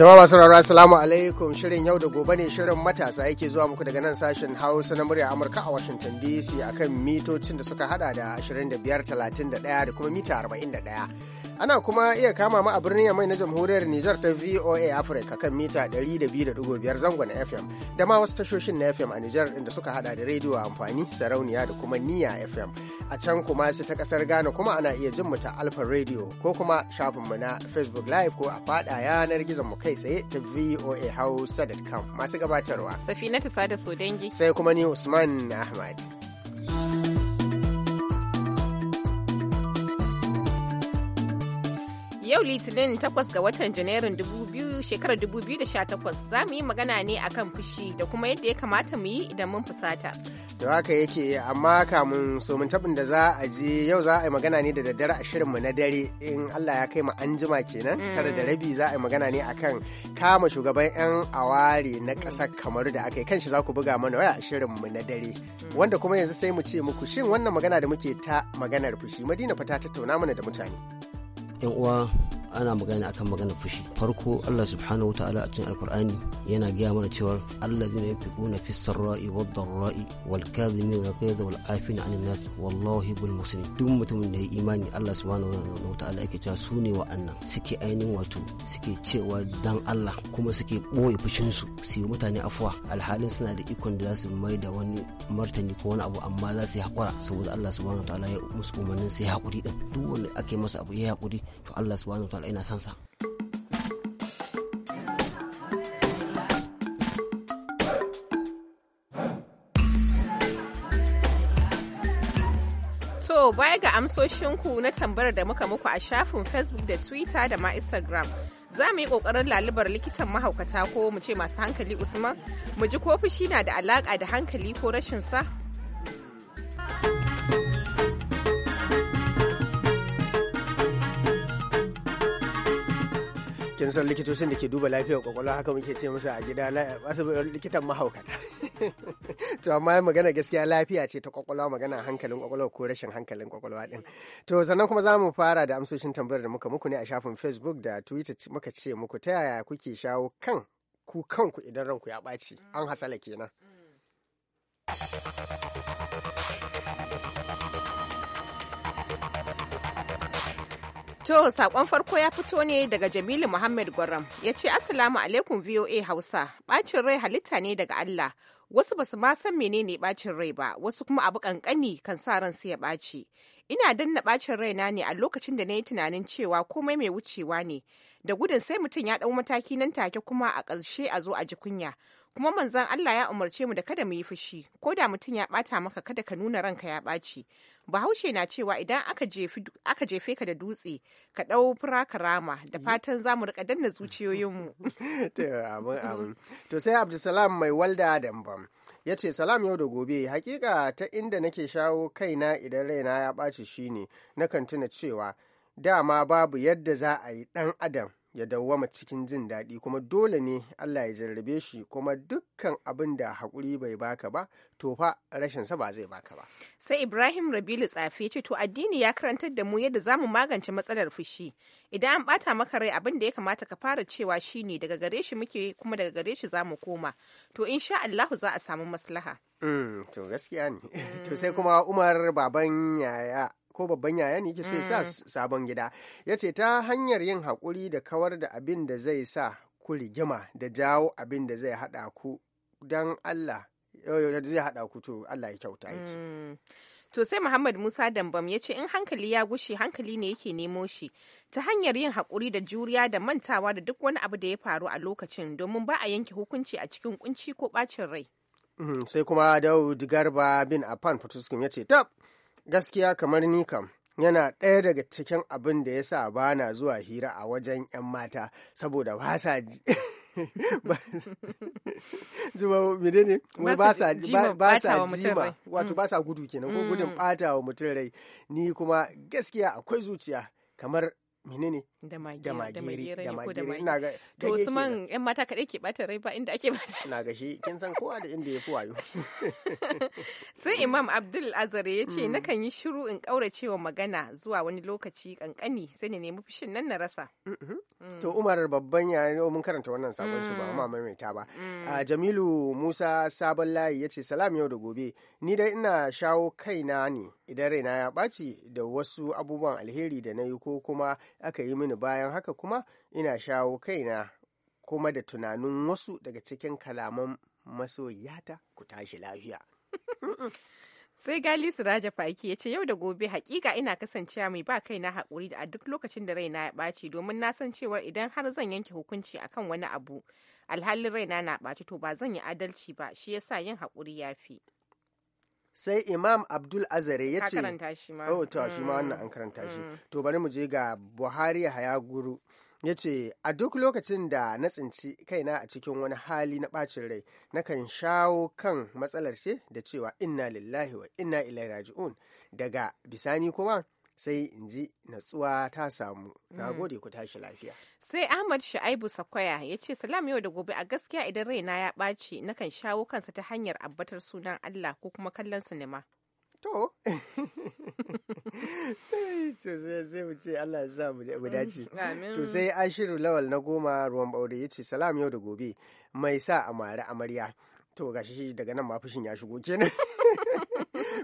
Jama'a sauraro Assalamu alaikum shirin yau da gobe ne shirin matasa yake zuwa muku daga nan sashen Hausa na murya Amurka a Washington DC akan mitocin da suka hada da 25, 31 da kuma mita 41. Ana kuma iya kama mu a birnin Yamai na Jamhuriyar Nijar ta VOA Africa kan mita 102.5 zangon FM da ma wasu tashoshin na FM a Nijar inda suka hada da rediyo amfani sarauniya da kuma niya FM. A can kuma su ta kasar Ghana kuma ana iya jin mu ta Alfa Radio ko kuma shafin mu na Facebook Live ko a fada yanar gizon mu kai tsaye ta VOA Hausa.com masu gabatarwa. Safinatu Sada Sodengi. Sai kuma ni Usman Ahmad. Yau Litinin takwas ga watan Janairun 2000 shekarar 2018 za mu yi magana ne akan fushi da kuma yadda ya kamata mu yi idan mun fusata. Da haka yake amma kamun so mun tabin da za a je yau za a yi magana ne da daddare a shirinmu na dare in Allah ya kai mu anjima kenan mm. tare da rabi za a yi magana ne akan kama shugaban 'yan aware na ƙasa kamar da aka yi kanshi za ku buga mana waya a shirinmu na dare mm. wanda kuma yanzu sai mu ce muku shin wannan magana da muke ta maganar fushi madina fa ta tattauna mana da mutane. 我。ana magana akan magana fushi farko Allah subhanahu ta'ala a cikin alkur'ani yana gaya mana cewa Allah ne ya fi sarra'i wa darra'i wal kadhimin wa ghayza wal afin an nas wallahi bil muslim duk mutumin da ya imani Allah subhanahu ta'ala yake cewa su ne wa'annan suke ainihin wato suke cewa dan Allah kuma suke boye fushin su yi mutane afuwa alhalin suna da ikon da za su mai da wani martani ko wani abu amma za su yi haƙura saboda Allah subhanahu ta'ala ya musu umarnin su yi din duk wanda ake masa abu ya hakuri to Allah subhanahu saboda ina son sa To baya ga amsoshinku na tambayar da muka muku a shafin Facebook da Twitter da ma Instagram. Za mu yi ƙoƙarin lalubar likitan mahaukata ko mu ce masu hankali Usman, mu ji ko fushi na da alaƙa da hankali ko rashin sa kin san likitocin da ke duba lafiyar kwakwalwa haka muke ce musu a gida likitan mahaukata to amma magana gaskiya lafiya ce ta kwakwalwa magana hankalin kwakwalwa ko rashin hankalin kwakwalwa din to sannan kuma za mu fara da amsoshin tambayar da muka muku ne a shafin facebook da twitter muka ce muku ta yaya kuke shawo kan ku kanku idan ranku ya ɓaci an hasala kenan. To, sakon farko ya fito ne daga Jamilu Muhammad Gwaram. Ya ce, Assalamu alaikum VOA Hausa, ɓacin rai halitta ne daga Allah. Wasu basu ma san menene ɓacin rai ba, wasu kuma abu ƙanƙani kan sa ran su ya ɓaci. Ina danna ɓacin raina ne a lokacin da na yi tunanin cewa komai mai wucewa ne. Da gudun sai mutum ya ɗau mataki nan take kuma a ƙarshe a zo a ji kunya. kuma manzon Allah ya umarce mu da kada mu yi fushi ko da mutum ya bata maka kada ka nuna ranka ya ɓaci bahaushe na cewa idan aka jefe ka da dutse ka ɗau fura rama da fatan za mu rika danna zuciyoyinmu to sai abdulsalam mai walda dambam ya ce salam yau da gobe hakika ta inda nake shawo kaina idan raina ya ɓaci shine nakan tuna cewa dama babu yadda za a yi ɗan adam ya dawwama cikin jin daɗi kuma dole ne Allah ya jarrabe shi kuma dukkan abin da haƙuri bai baka ba to fa rashin sa ba zai baka ba sai Ibrahim Rabilu tsafi ce to addini ya karantar da mu yadda zamu magance matsalar fushi idan an bata maka rai abin da ya kamata ka fara cewa shine daga gare shi muke kuma daga gare shi zamu koma to insha Allahu za a samu maslaha mm, to gaskiya ne to sai mm. kuma Umar baban yaya ko babban yaya ne yake so sa mm. sabon gida ya ce ta hanyar yin haƙuri da kawar da abin da zai sa ku rigima da jawo abin da zai haɗa ku don Allah zai haɗa ku to Allah ya kyauta yake. Mm. To sai Muhammad Musa Dambam ya ce in hankali ya gushe hankali ne yake nemo shi ta hanyar yin haƙuri da juriya da mantawa da duk wani abu da ya faru a lokacin domin ba a yanke hukunci a cikin kunci ko bacin rai. Mm, sai kuma Daud Garba bin Afan Fatuskum ya ce tab gaskiya kamar ni kam yana ɗaya daga cikin abin da ya sa ba na zuwa hira a wajen 'yan mata saboda ba sa ji mene ne ba sa jima wato mm. ba sa gudu kenan ko gudun mm. ɓata wa mutum rai ni kuma gaskiya akwai zuciya kamar menene da magiri da magiri ina ga to man yan mata kadai ke bata rai ba inda ake bata na ga shi kin san kowa da inda ya fi wayo sai Imam Abdul Azare ya ce hmm. nakan yi shiru in kaurace wa magana zuwa wani lokaci kankani sai ne nemi fushin nan na rasa mm-hmm. hmm. to Umar babban ne mun karanta wannan sabon shi ba hmm. ma maimaita ba ah, Jamilu Musa Sabon Layi ya ce salam yau da gobe ni dai ina shawo kaina ne idan raina ya ɓaci da wasu abubuwan alheri da na yi ko kuma aka yi min mini bayan haka kuma ina shawo kaina kuma da tunanin wasu daga cikin kalaman masoyata ku tashi lafiya. sai gali raja faki ya ce yau da gobe hakika ina kasancewa mai ba kai na haƙuri da a duk lokacin da raina ya ɓaci domin na san cewa idan har zan yanke hukunci akan wani abu alhalin raina na ɓaci to ba zan yi adalci ba shi yasa yin haƙuri ya fi sai imam abdul azare ya ce ta oh, wannan mm. an karanta shi mm. to bari mu je ga buhari hayaguru ya ce a duk lokacin da na tsinci kaina a cikin wani hali na bacin rai nakan shawo kan matsalar ce da cewa inna lillahi wa inna ilaihi raji'un daga bisani kuma sai in ji natsuwa ta samu na mm. gode ku tashi lafiya sai ahmad shaibu sakwaya ya ce salam yau da gobe a gaskiya idan raina ya ɓaci nakan shawo kansa ta hanyar abbatar sunan allah ko kuma kallon sinima to sai mu ce Allah ya mu mm, dace to sai ashiru lawal na goma ruwan baure ya ce salam yau da gobe mai sa amare amarya to gashi daga nan ma fushin ya shigo kenan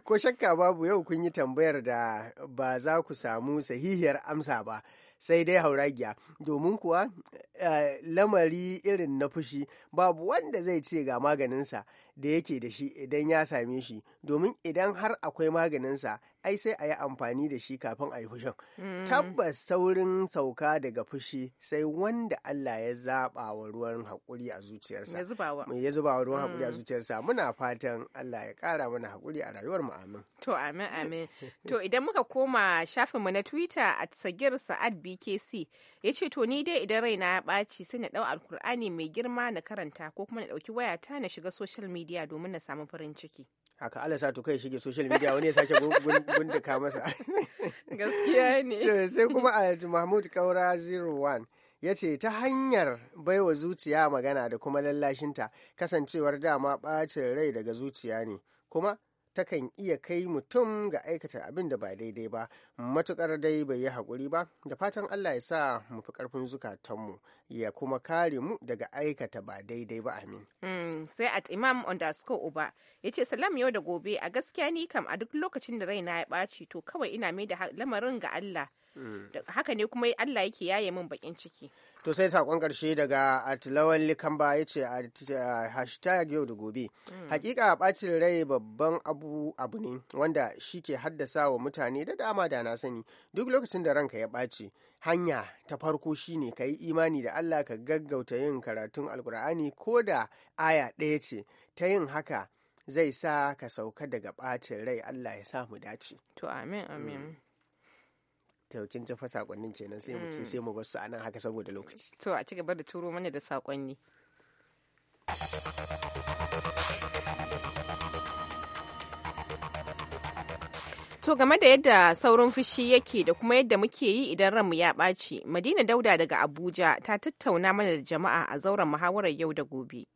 ko shakka babu yau kun yi tambayar da ba za ku samu sahihiyar amsa ba sai dai hauragiya domin kuwa eh, lamari irin na fushi babu wanda zai ce ga maganinsa da yake da shi idan ya same shi domin idan har akwai maganinsa ai sai a yi amfani da shi kafin a yi fushin hmm. tabbas saurin sauka daga fushi sai wanda Allah ya zaba wa ruwan haƙuri a zuciyarsa ya zuba wa ruwan haƙuri a hmm. zuciyarsa muna fatan Allah ya ƙara mana haƙuri a rayuwar mu amin to amin amin to idan muka koma shafin mu na Twitter at Sagir Sa'ad BKC yace to ni dai idan raina ya ɓaci sai na ɗau alkur'ani mai girma na karanta ko kuma na ɗauki wayata na shiga social media media domin na samu farin ciki haka Allah sa to kai shige social media wani ya sake gundaka masa gaskiya ne sai kuma alhaji mahmud kaura 01 ya ce ta hanyar baiwa zuciya magana da kuma lallashinta kasancewar dama ɓacin rai daga zuciya ne kuma takan iya kai mutum ga aikata abin da ba daidai ba matukar dai bai yi haƙuri ba da fatan allah ya sa mu fi ƙarfin zukatanmu ya kuma kare mu daga aikata ba daidai ba amin hmm, sai at imam underscore uba ya ce salam yau da gobe a gaskiya ni kam a duk lokacin da raina ya ɓaci to kawai ina mai da lamarin ga allah haka ne kuma Allah yake yaye min bakin ciki to sai sakon karshe daga atilawan likamba ya ce hashtag yau da gobe mm. hakika bacin rai babban abu abu ne wanda shi ke haddasa wa mutane da dama da na sani duk lokacin da ranka ya ɓaci hanya ta farko shine ka yi imani da Allah ka gaggauta yin karatun alkur'ani ko da aya ɗaya ce ta yin haka zai sa ka sauka daga ɓacin rai Allah ya mu dace to amin amin to kin fa sakonnin kenan sai mu ce mm. sai mu bar su anan haka saboda lokaci to a ci gaba da turo mana da sakonni To game da yadda saurin fushi yake da kuma yadda muke yi idan ranmu ya ɓaci, Madina Dauda daga Abuja ta tattauna mana da jama'a a zauren muhawarar yau da gobe.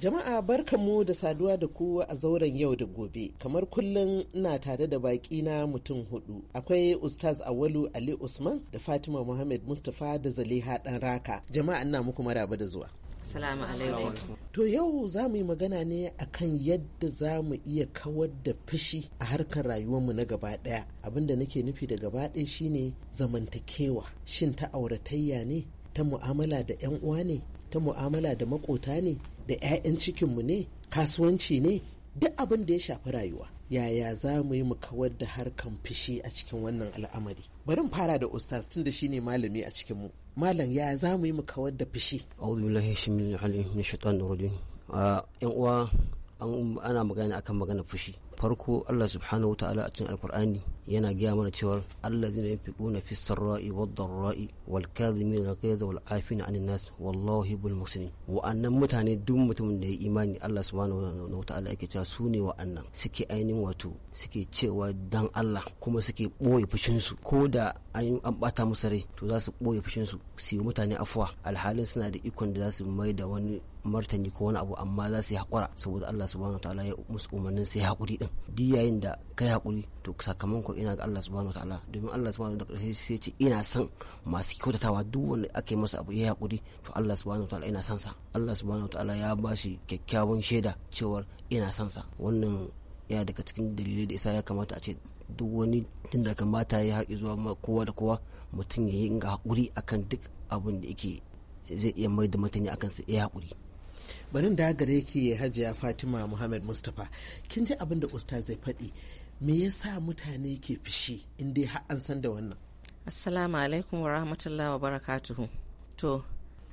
Jama'a barkanmu da saduwa da ku a zauren yau da gobe. Kamar kullum ina tare da baƙi na mutum hudu. Akwai Ustaz Awalu Ali Usman da Fatima Muhammad Mustapha da Zaliha ɗan Raka. Jama'a ina muku maraba da zuwa. Salamu alaikum. To yau za mu yi magana ne akan yadda za mu iya kawar da fushi a harkar rayuwar mu na gaba abin da nake nufi da gaba ɗaya shine zamantakewa. Shin ta auratayya ne? ta mu'amala da 'yan uwa ne ta mu'amala da makota ne da 'ya'yan cikinmu ne kasuwanci ne duk abin da ya shafi rayuwa yaya za mu yi mu kawar da harkan fishi a cikin wannan al'amari bari mu fara da ustaz tun da shine malami a cikin mu malam yaya za mu yi mu kawar da fishi a'udhu billahi shaitanir rajim yan ah, uwa ana magana akan magana fushi farko Allah subhanahu ta'ala a cikin alkur'ani yana gaya mana cewa Allah zai fi kuna fi sarra'i wa darra'i wal kadhimin al ghayz wal afina 'anil nas wallahu yuhibbul muhsinin wa'annan mutane duk mutumin da ya imani Allah subhanahu ta'ala yake cewa su ne wa'annan suke ainihin wato suke cewa dan Allah kuma suke boye fushin su ko da an bata musu rai to za su boye fushin su su yi mutane afwa alhalin suna da ikon da za su mai da wani martani ko wani abu amma za su yi haƙura saboda Allah subhanahu ta'ala ya musu umarnin sai haƙuri din di yayin da ka yi haƙuri to sakamakon ina ga Allah subhanahu ta'ala domin Allah subhanahu ta'ala sai ce ina san masu kyautatawa duk wanda ake masa abu ya haƙuri to Allah subhanahu ta'ala ina son sa Allah subhanahu ta'ala ya shi kyakkyawan shaida cewar ina son sa wannan ya daga cikin dalilai da isa ya kamata a ce duk wani tun da kamata ya haƙi zuwa kowa da kowa mutum ya yi inga haƙuri akan duk abin da yake zai iya mai da mutane akan su ya haƙuri barin da gare ki hajiya fatima muhammad mustapha kin ji abinda usta zai faɗi me yasa mutane ke fishi in dai har an san da wannan assalamu alaikum wa rahmatullahi wa barakatuhu to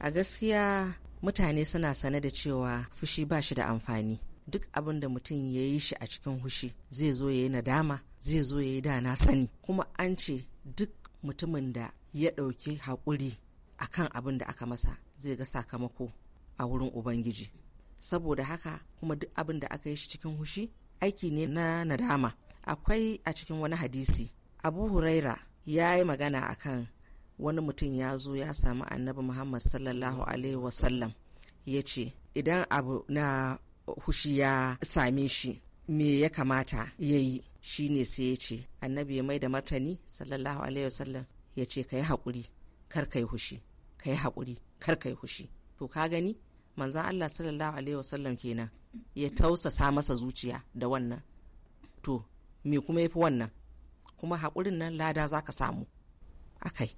a gaskiya mutane suna sane da cewa fushi ba shi da amfani duk abin da mutum ya yi shi a cikin hushi zai zo ya yi nadama zai zo ya yi da na sani kuma an ce duk mutumin da ya ɗauki haƙuri akan abin da aka masa zai ga sakamako a wurin ubangiji saboda haka kuma duk abin da aka yi shi cikin hushi aiki ne na nadama akwai a cikin wani hadisi abu huraira ya yi magana a kan wani mutum ya zo ya sami annabi muhammad sallallahu alaihi wasallam ya ce idan abu na hushi ya same shi me ya kamata ya yi shi ne sai ya ce annabi ya mai da martani sallallahu alaihi wasallam ya ce ka yi haƙuri kar ka yi hushi ka yi haƙuri kar ka yi hushi to ka gani manzan Allah sallallahu alaihi wasallam kenan ya tausasa masa zuciya da wannan to me kuma ya fi wannan kuma haƙurin nan lada za ka samu akai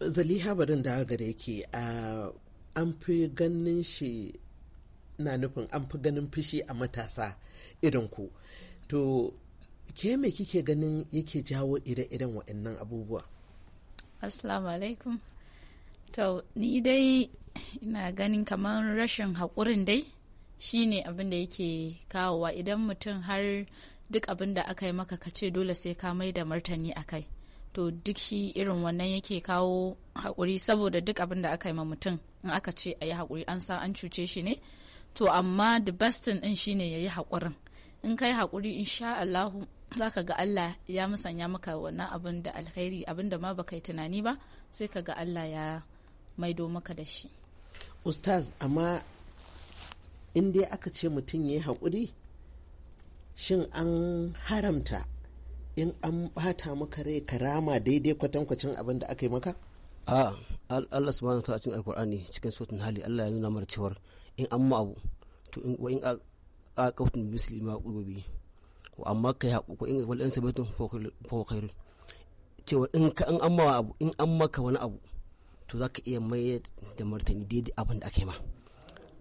zaliha barin da gare da a an fi ganin shi na nufin an fi ganin fushi a matasa irin ku to ke me kike ganin yake jawo ire-iren waɗannan abubuwa assalamu alaikum to ni dai ina ganin kamar rashin haƙurin dai shine abin da yake kawowa idan mutum har duk abin da aka yi maka ka ce dole sai ka mai da martani a kai to duk shi irin wannan yake kawo haƙuri saboda duk abin da aka yi ma mutum in aka ce a yi haƙuri an san an cuce shi ne to amma the best thing din ne ya yi haƙurin in kai haƙuri insha Allahu za ka ga Allah ya musanya maka wannan abin da alkhairi abin da ma baka yi tunani ba sai ka ga Allah ya maido maka da shi ustaz amma in dai aka ce mutum ya yi haƙuri shin an haramta in an bata maka rai karama daidai kwatankwacin abin da aka yi maka a Allah subhanahu ta cikin alkur'ani cikin sautin hali Allah ya nuna mara cewar in an ma abu to in wa in a kautun bisli ma qubi wa amma kai haƙuƙo ko in wani in sabatun fa cewa in an ma abu in an maka wani abu to za ka iya mai da martani daidai abin da aka yi ma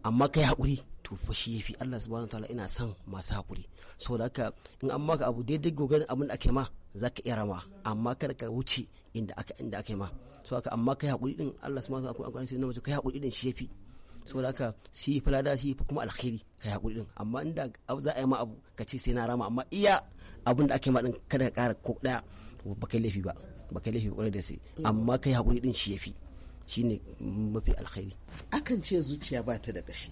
amma kai haƙuri to fa shi yafi Allah subhanahu wataala ina son masu haƙuri saboda haka in an maka abu daidai gogon abin da aka yi ma za ka iya rama amma kada ka wuce inda aka inda aka yi ma so haka amma kai haƙuri din Allah subhanahu wataala akwai sai mace kai haƙuri din shi yafi saboda haka shi yafi lada shi yafi kuma alkhairi kai haƙuri din amma inda za a yi ma abu ka ce sai na rama amma iya abin da aka yi ma din kada ka ƙara ko ɗaya ba kai laifi ba ba kai laifi ba da sai amma kai haƙuri din shi yafi shine mafi alkhairi akan ce zuciya ba ta da ƙashi,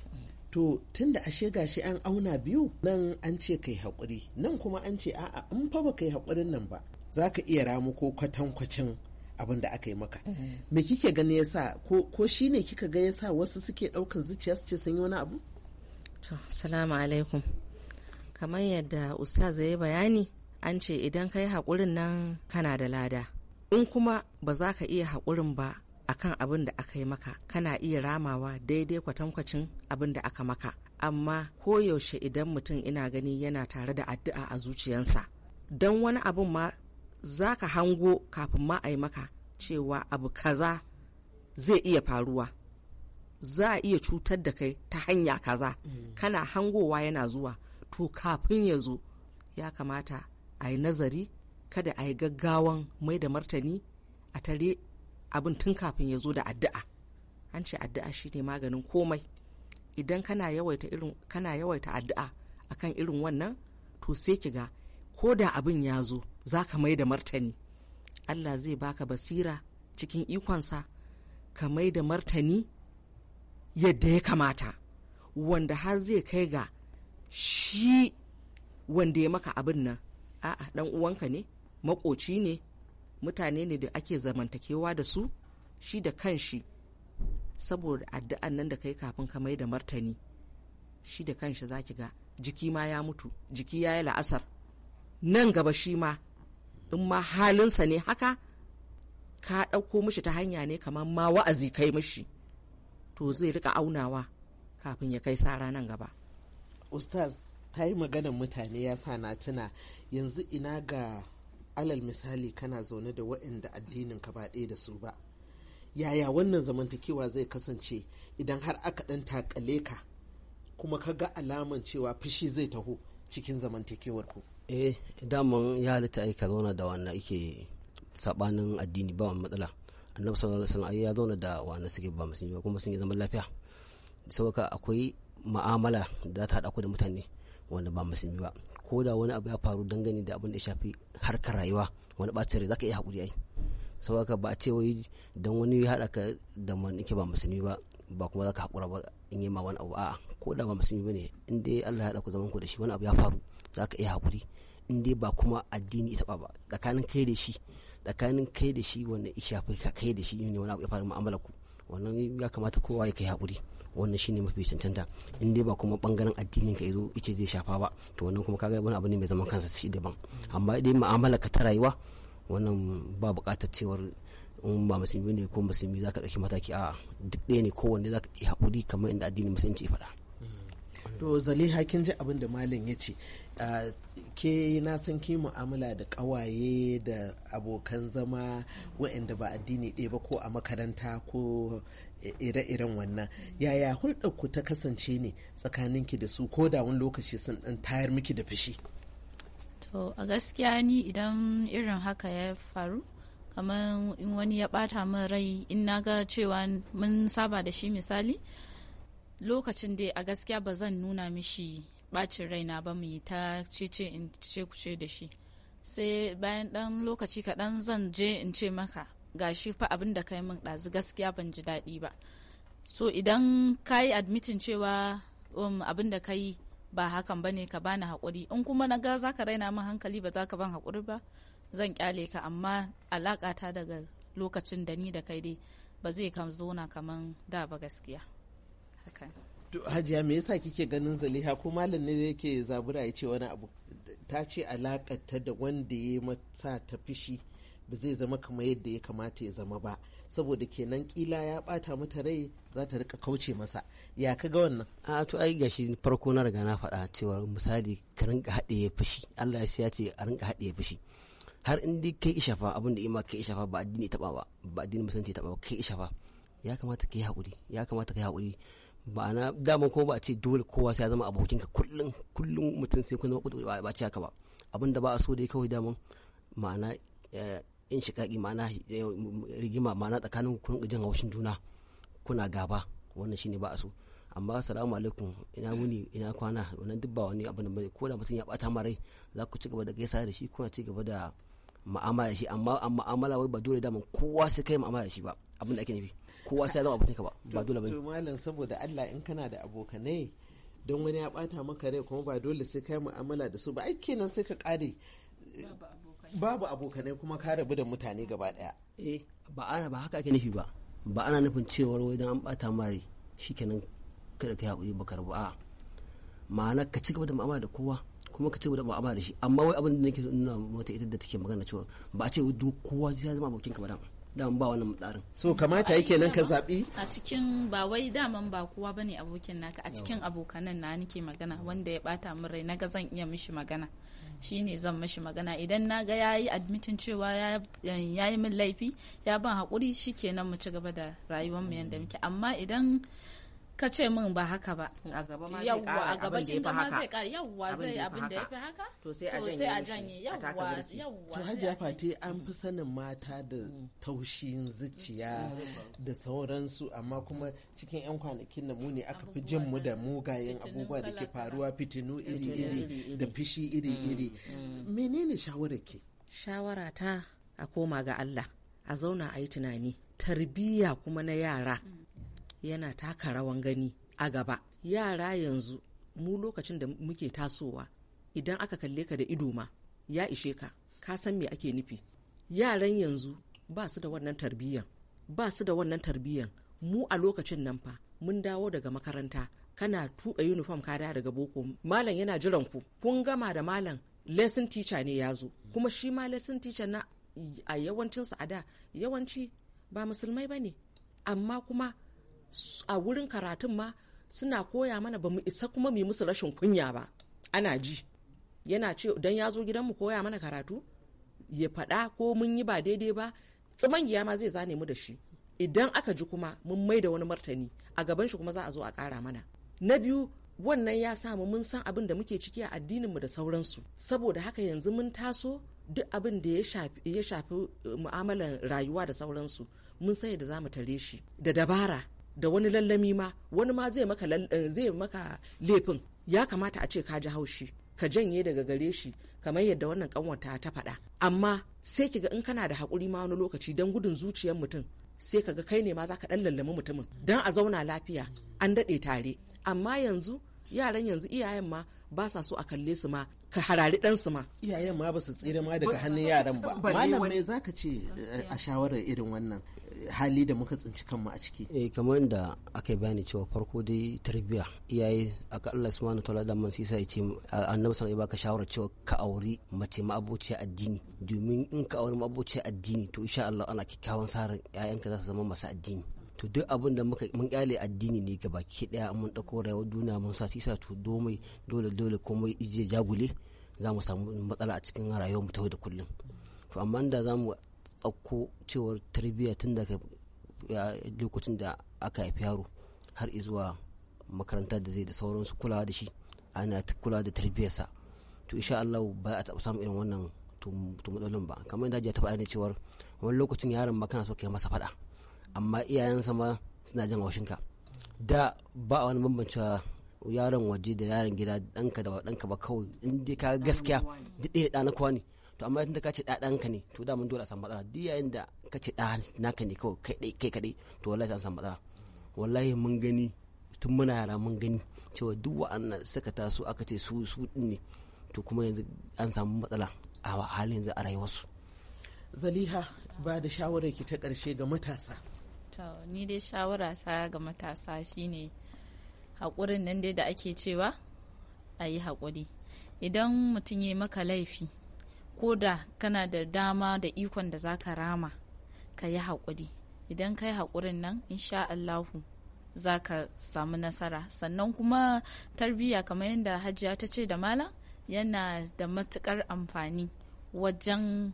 to tunda ashe gashi an auna biyu nan an ce kai haƙuri nan kuma an ce a'a in fa ba kai haƙurin nan ba za ka iya ramu ko kwatankwacin abin da aka yi maka mm-hmm. me kike gani yasa ko ko shine kika ga yasa wasu suke ɗaukar zuciya su ce sun yi wani abu to salamu alaikum kamar yadda ustaz ya bayani an ce idan kai haƙurin nan kana da lada in kuma ba za ka iya haƙurin ba akan abin da aka yi maka kana iya ramawa daidai kwatankwacin abin da aka maka amma koyaushe idan mutum ina gani yana tare da addu'a a zuciyansa don wani abin ma za ka hango kafin ma a yi maka cewa abu kaza zai iya faruwa za a iya cutar da kai ta hanya kaza mm. kana hangowa yana zuwa to kafin ya zo ya kamata a yi nazari kada a yi gaggawan mai da martani a tare abin tun kafin ya zo da addu'a an ce addu'a shine maganin komai idan kana yawaita irin kana yawaita addu'a akan irin wannan to sai kiga ko da abin ya zo za ka mai da martani Allah zai baka basira cikin ikonsa ka mai da martani yadda ya kamata wanda har zai kai ga shi wanda ya maka abin nan a'a dan uwanka ne makoci ne mutane ne da ake zamantakewa da su shi da kanshi saboda addu'an nan da kai kafin ka mai da martani shi da kanshi zaki ga jiki ma ya mutu jiki ya yi la'asar nan gaba shi ma in ma halinsa ne haka ka ɗauko mishi ta hanya ne kamar ma wa'azi kai mishi to zai rika aunawa kafin ya kai sara nan gaba ustaz ta yi maganar mutane ya sa na tuna yanzu ina ga alal misali kana zaune da waɗanda addinin ka ba ɗaya da su ba yaya wannan zamantakewa zai kasance idan har aka ɗan takale ka kuma ka ga alaman cewa fushi zai taho cikin zamantakewar ku eh daman ya halitta ai ka zauna da wannan ake sabanin addini ba wani matsala annabi sallallahu alaihi wasallam ya zauna da wannan suke ba musulmi ba kuma sun yi zaman lafiya saboda akwai ma'amala da ta haɗa ku da mutane wanda ba musulmi ba ko da wani abu ya faru dangane da abin da ya shafi harkar rayuwa wani bacin rai zaka iya haƙuri ai sau haka ba a ce wai don wani ya haɗa ka da wani ke ba musulmi ba ba kuma zaka haƙura ba in yi ma wani abu a'a ko da ba musulmi ba ne in dai Allah ya haɗa ku zaman ku da shi wani abu ya faru zaka iya haƙuri in dai ba kuma addini ita ba tsakanin kai da shi tsakanin kai da shi wanda ya shafi ka kai da shi ne wani abu ya faru mu'amalar ku wannan ya kamata kowa ya kai haƙuri wannan shine mafi cancanta in dai ba kuma bangaren addinin ka yazo ice zai shafa ba to wannan kuma kaga wani abu ne mai zaman kansa shi daban amma dai mu'amala ka ta rayuwa wannan ba buƙatar cewar in ba musulmi ne ko musulmi za ka mataki a duk ɗaya ne ko za ka yi haƙuri kamar inda addinin musulunci ya faɗa. to zali hakin ji abin da malam ya ce ke na san ki mu'amala da kawaye da abokan zama waɗanda ba addini ɗaya ba ko a makaranta ko ire-iren wannan yaya hulɗar ku ta kasance ne tsakanin ki da su ko da wani lokaci sun ɗan tayar miki da fushi to a gaskiya ni idan irin haka ya faru kamar in wani ya ɓata min rai in na ga cewa mun saba da shi misali lokacin dai a gaskiya ba zan nuna mishi bacin raina ba mu yi ta cece in ce ku ce da shi sai bayan dan lokaci kaɗan zan je in ce maka ga shi fa abin da kai min ɗazu gaskiya ban ji daɗi ba so idan ka yi admitin cewa um, abin da ka yi ba hakan ba ne ka bani haƙuri in kuma na ga za ka raina min hankali ba za ka ban haƙuri ba zan kyale ka amma alaƙa ta daga lokacin da ni da kai dai ba zai kam zona kaman da ba gaskiya hakan hajiya me yasa kike ganin zaliha ko malam ne yake zabura ya ce wani abu ta ce alakata da wanda ya mata ta fishi ba zai zama kamar yadda ya kamata ya zama ba saboda kenan kila ya bata mata rai za ta rika kauce masa ya ka ga wannan a to ai gashi farko na riga na faɗa cewa misali ka rinka haɗe fushi Allah ya ce a rinka haɗe fushi har in dai kai ishafa abin da ima kai ishafa ba addini taɓa ba ba addini musulunci taɓa ba kai ishafa ya kamata ka yi haƙuri ya kamata ka yi haƙuri ma'ana daman ko ba a ce dole kowa sai ya zama abokinka kullum kullum mutum sai kun zama ba ce haka ba abin da ba a so dai kawai daman ma'ana eh, in shikaki ma'ana eh, rigima ma'ana tsakanin kun jin haushin juna kuna gaba wannan shine ba a so amma salamu alaikum ina wuni ina kwana wannan duk ba wani abu ne ko da mutum ya bata mara za ku ci gaba da gaisa da shi kuna ci gaba da ma'amala da shi amma ma'amala wai ba dole daman kowa sai kai ma'amala da shi ba abin da ake nufi kowa sai zama abokinka ba ba dole ba to malam saboda Allah in kana da abokanai don wani ya bata maka rai kuma ba dole sai kai mu'amala da su ba ai kenan sai ka kare babu abokanai kuma ka rabu da mutane gaba daya eh ba ana ba haka ake nufi ba ba ana nufin cewar wai dan an bata mari shikenan kada kai hakuri ba karbu a ma'ana ka ci gaba da mu'amala da kowa kuma ka ce da mu'amala da shi amma wai abin da nake nuna mata ita da take magana cewa ba a ce duk kowa zai zama abokin ka ba dan daman ba wani mutarin. so kamata yake nan ka zaɓi a cikin ba wai dama ba kowa bane abokin naka a cikin abokanan na nake magana wanda ya bata min rai naga zan iya mishi magana shine zan mishi magana idan na ga yayi admitin cewa yayi min laifi ya ban hakuri shikenan mu ci gaba da rayuwar mu yanda muke amma idan ka ce min ba haka ba a gaba ma zai kara ma zai kare yawwa zai abin da ya fi haka to sai a janye yawwa yawwa to hajiya fati an fi sanin mata da mm. taushin zuciya mm. da sauransu amma kuma cikin yan kwanakin mu ne aka fi jin mu da mugayen abubuwa da ke faruwa fitinu iri iri da fishi iri iri mm, menene shawarar ke shawara ta a koma ga Allah a zauna a yi tunani tarbiyya kuma na yara yana taka rawan gani a gaba yara yanzu mu lokacin da muke tasowa idan aka kalle ka da ido ma ya ishe ka ka san me ake nufi yaran yanzu ba su da wannan tarbiyyan ba su da wannan tarbiyyan mu a lokacin nan fa mun dawo daga makaranta kana tuka uniform ka da daga boko malam yana jiran ku kun gama da malam lesson teacher ne ya zo kuma shi ma lesson teacher na a yawancin a da yawanci ba musulmai ba ne amma kuma a wurin karatun ma suna koya mana ba mu isa kuma mu yi musu rashin kunya ba ana ji yana ce dan ya zo gidanmu koya mana karatu ya faɗa ko mun yi ba daidai ba giya ma zai zane mu da shi idan aka ji kuma mun mai da wani martani a gaban shi kuma za a zo a ƙara mana na biyu wannan ya samu mun san abin da muke ciki a addininmu da sauransu saboda haka yanzu mun taso duk abin da ya shafi eh, mu'amalar rayuwa da sauransu mun sai da za mu tare shi da dabara da wani lallami ma wani ma eh, zai maka laifin ya kamata a ce ka ji haushi ka janye daga gare shi kamar yadda wannan kanwata ta faɗa amma sai kiga in kana da haƙuri ma wani lokaci don gudun zuciyar mutum sai kaga kai ne ma za ka ɗan lallami mutumin don a zauna lafiya an daɗe tare amma yanzu yaran yanzu iyayen ma ba sa so a kalle su ma ka harari ɗansu ma. Iyayen ma ba su tsira ma daga hannun yaran ba. Malam ne za ka ce eh, a shawarar irin wannan hali da muka tsinci kanmu a ciki eh kamar da aka yi bayani cewa farko dai tarbiyya iyaye aka Allah subhanahu ta'ala da man sisa yace ce annabi sallallahu baka shawara cewa ka auri mace ma'abociya addini domin in ka auri ma'abociya addini to insha Allah ana kikkiawan sarin yayanka za su zama masu addini to duk abin da muka mun kyale addini ne ga baki daya mun dauko rayuwar duniya mun sa sisa to domai dole dole komai ije jagule za mu samu matsala a cikin rayuwar mu ta da kullum to amma da za mu ɗauko cewar tarbiyya tun daga lokacin da aka haifi yaro har izuwa makaranta da zai da sauransu kulawa da shi ana kulawa da tarbiyyarsa to insha Allah ba a taɓa samun irin wannan tumutsalin ba kamar yadda ta faɗa ne cewar wani lokacin yaron ma kana so kai masa faɗa amma iyayensa ma suna jan haushinka da ba wani bambance yaron waje da yaron gida danka da ɗanka ba kawai in dai ka gaskiya duk ɗaya na na ne to amma tunda ka ce ka ne to da mun dole a samu matsala duk yayin da ka ce ɗa naka ne kawai kai kai kaɗai to wallahi an samu matsala wallahi mun gani tun muna yara mun gani cewa duk wa'annan suka taso aka ce su su ne to kuma yanzu an samu matsala a halin yanzu a rayuwarsu zaliha ba da shawarar ki ta ƙarshe ga matasa ni dai shawara ta ga matasa shine haƙurin nan dai da ake cewa a yi haƙuri idan mutum ya maka laifi ko da kana da dama da ikon da zaka rama ka yi haƙuri idan ka yi haƙurin nan insha Allahu za ka samu nasara sannan kuma tarbiyya kamar yadda hajiya ta ce da malam yana da matukar amfani wajen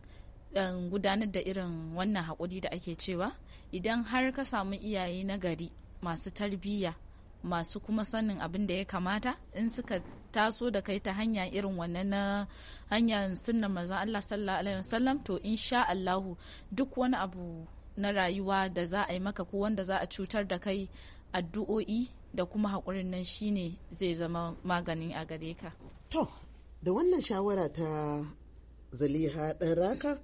um, gudanar da irin wannan haƙuri da ake cewa idan har ka samu iyaye na gari masu tarbiyya masu kuma sanin abin da ya kamata in suka taso da kai ta hanya irin wannan na hanyar sunnan manzon Allah sallallahu alaihi wasallam to insha Allahu duk wani abu na rayuwa da za a yi maka ko wanda za a cutar da kai addu'o'i da kuma haƙurin nan shine zai zama maganin a gare ka. To, da wannan shawara ta zaliha ɗan raka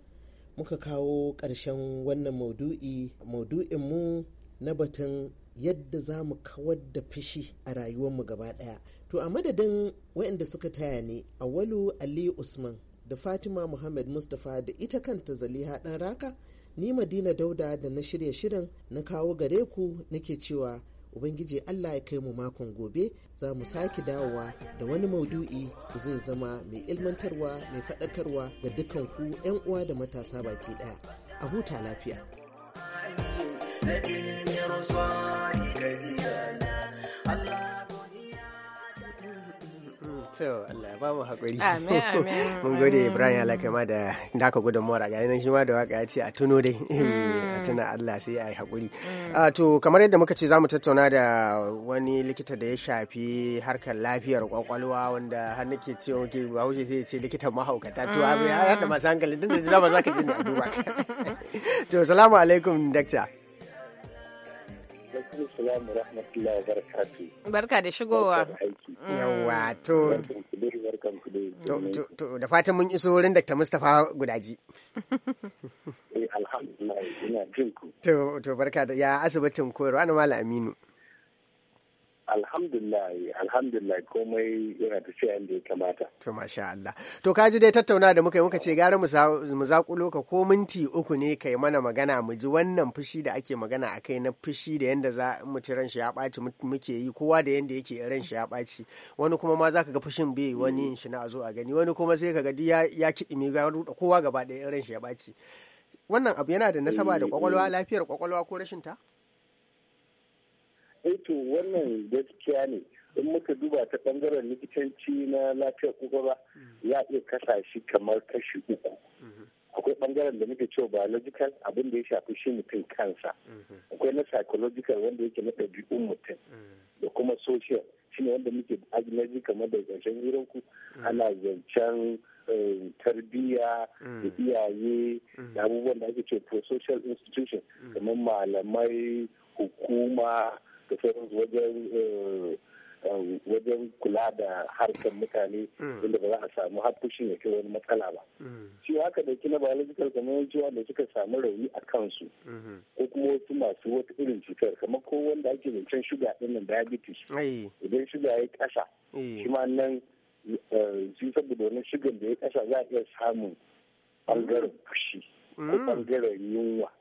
muka kawo ƙarshen wannan maudu'i maudu'inmu na batun yadda za mu kawar da fushi a rayuwarmu gaba ɗaya. To a madadin waɗanda suka taya ne, a walu Ali Usman da Fatima Muhammad Mustapha da ita kanta Zaliha ɗan raka, ni Madina Dauda da na shirya shirin na kawo gare ku nake cewa Ubangiji Allah ya kai mu makon gobe za mu sake dawowa da wani maudu'i da zai zama mai ilmantarwa mai faɗakarwa ga dukan ku 'yan uwa da matasa baki ɗaya. A huta lafiya. your song. To Allah ba mu haƙuri. Mun gode Ibrahim Alakama da naka gudunmuwar a ganin shi ma da waka ya ce a tuno dai. Mm. A tuna Allah sai a yi haƙuri. Mm. To kamar yadda muka ce za mu tattauna da wani likita da ya shafi harkar lafiyar kwakwalwa wanda har nake cewa ke bahaushe sai ce likitan mahaukata. To abin ya haɗa masu hankali tun da za ka ce ne a duba. To salamu alaikum dakta. Assalamu rahmatullahi barakatu. Barka da shigowa. Mm. Yawwa to. To da fatan mun iso wurin Dr. Mustapha Gudaji. Eh, alhamdulillah ina jin ku. To to barka da ya asibitin koyarwa na Malam Aminu. alhamdulillah alhamdulillah komai yana tafiya yadda ya kamata to masha Allah to ka ji dai tattauna da muka yi muka ce gara mu zakulo ka ko minti uku ne kai mana magana mu ji wannan fushi da ake magana a kai na fushi da yanda za mu ci ran shi ya ɓaci muke yi kowa da yanda yake ran shi ya ɓaci wani kuma ma zaka ga fushin bai wani yin shi na zo a gani wani kuma sai ka ga ya ya kiɗi ga kowa gaba ɗaya ran shi ya ɓaci wannan abu yana da nasaba da kwakwalwa eh, eh. lafiyar kwakwalwa ko rashin ta Eh to wannan gaskiya ne in muka duba ta bangaren likitanci na lafiyar kwakwalwa ya mm. iya kasa kamar kashi uku mm-hmm. akwai bangaren da muke cewa biological abin da ya shafi shi mutum kansa mm-hmm. akwai na psychological wanda yake na ɗabi'un mutum mm. da kuma social shine wanda muke agnaji kamar da zancen hirinku mm. ana zancen eh, tarbiyya da iyaye da abubuwan da ake ce pro social institution kamar malamai hukuma da wajen eh, eh, wajen kula da harkar mutane hmm. inda ba za a samu har fushin ya kai wani matsala ba. Hmm. Shi haka da kina biological community wanda suka samu rauni a kansu hmm. ko kuma wasu masu wata irin cutar kamar ko wanda ake zancen shuga din nan diabetes idan shuga ya kasa shi ma nan eh, shi saboda wani shugan da ya kasa za a iya samun bangaren fushi ko bangaren yunwa.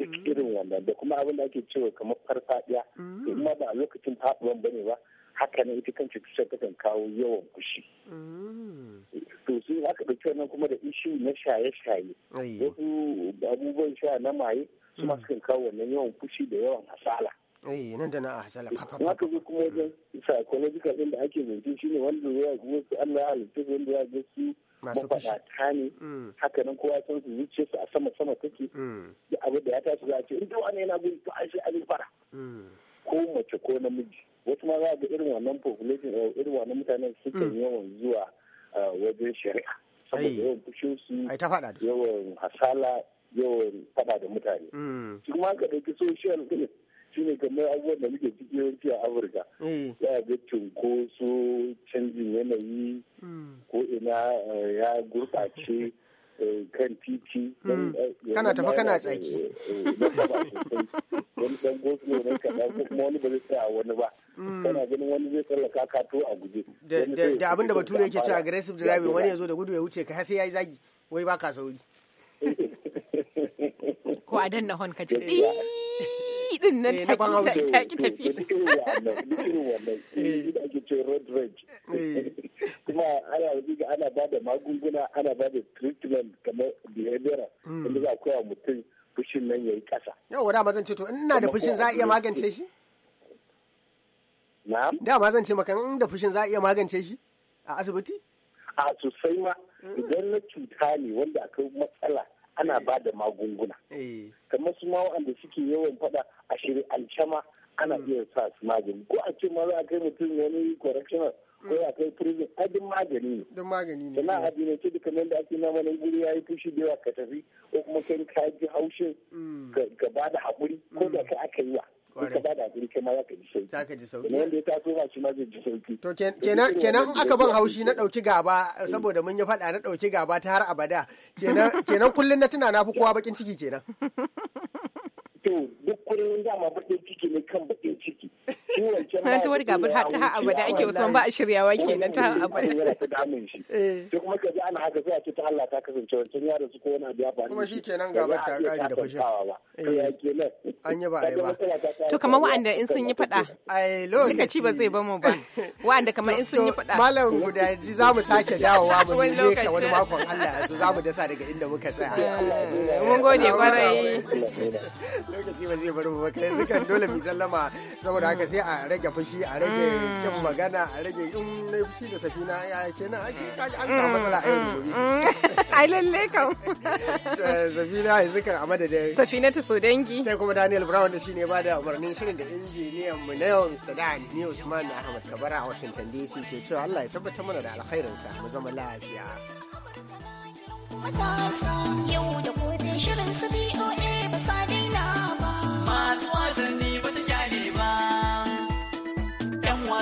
Mm. irin wannan da kuma abin da ake cewa kamar farfadiya mm. in ma ba a lokacin ba ne ba haka ne ita kanta cutar takan kawo yawan kushi. Mm. to sai aka ɗauki wannan kuma da ishu na shaye-shaye wasu abubuwan sha na maye su ma sukan kawo wannan yawan kushi da yawan hasala eh nan da na a hasala fa haka zo kuma wajen psychological din da ake zance shine wanda ya ga wasu Allah ya halitta wanda ya ga su masu ta ne mm. haka nan kowa san su zuciya su a sama sama take mm. da abu da ya tashi za a ce in wani yana gudu an shi fara mm. ko mace ko namiji wasu ma za ga irin wannan population eh, irin wannan mutanen sukan yawan zuwa eh, wajen shari'a saboda yawan fushin yawan hasala yawan faɗa da mutane. Kuma ka ɗauki social shine kamar abubuwan da muke ciki yawanci a afirka ya mm. ga cunkoso canjin yanayi mm. ko ina eh, ya gurɓace eh, kan titi mm. eh, kana tafa kana tsaki wani dan gosu ne wani kaɗan ko kuma wani ba zai tsaya wani ba kana ganin wani zai tsallaka ka to a guje da abin da bature yake cewa aggressive driving wani ya zo da gudu ya wuce ka sai ya yi zagi wai ba ka sauri ko a danna hon ka ce din nan eh, ta ki tafi eh, eh. kuma ana ga ana ba da magunguna ana ba da treatment kamar behavioral mm. inda za a koya mutum fushin nan ya yi ƙasa. Yau, da zan ce to ina da fushin za a iya magance shi? Na'am. Da ma ce maka in da fushin za a iya magance shi a asibiti? A sosai ma mm. idan na cuta ne wanda akwai matsala ana ba da magunguna eh. kamar su ma waɗanda suke yawan faɗa a shirin alshama ana mm. iya sa su magani ko a ce ma za a kai mutum wani correctional mm. ko a kai prison a duk magani ne duk magani ne sannan eh. da ce duka nan da ake na manan guri yi fushi da yawa ka tafi ko kuma kai ka ji haushin mm. ka ba da haƙuri ko da kai aka yi wa ka ba da hakuri kai ma za ka ji sauki za ka ji sauki wanda ya taso ba shi ma zai ji sauki to kenan kenan in aka ban haushi na ɗauki gaba eh. saboda mun yi faɗa na ɗauki gaba ta har abada kenan kenan kullun na tuna na fi kowa bakin ciki kenan to duk kullun dama bakin ciki ne kan bakin ciki ta wani gabar har ta abada ake wasu ba a shiryawa kenan ta abada yana ta damun shi sai kuma ka ji ana haka sai a ce ta Allah ta kasance wancan yaron su ko wani abu ya faru kuma shi kenan gabar ta kare da fashin eh. an yi ba a yi ba to kamar wa'anda in sun yi fada ai ci ba zai ba mu ba wa'anda kamar in sun yi fada malam guda ji za mu sake dawowa mu ne ka wani makon Allah ya so za mu dasa daga inda muka tsaya eh. mun gode kwarai lokaci ba zai bar mu ba kai sukan dole mu sallama saboda haka sai a rage fushi a rage kin mm. magana a rage in na fushi da safina ya kenan ake kaji an samu mm. matsala a yau gobe mm. ai lalle kam safina yanzu kan a madadin safina ta so dangi sai kuma daniel brown da shine ba da umarnin shirin da injiniyan mu na yau mr dan ni usman ahmad kabara a washington dc ke cewa allah ya tabbatar mana da sa mu zama lafiya Matasa yau da gobe shirin su BOA ba sa daina ba. Masu wasanni ba